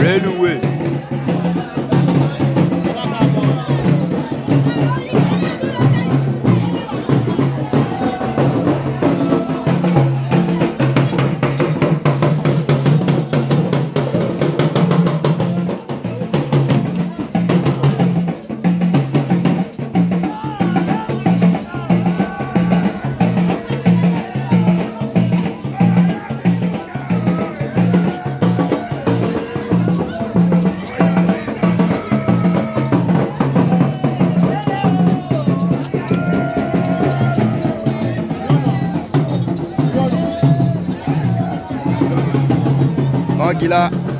ran away. Águila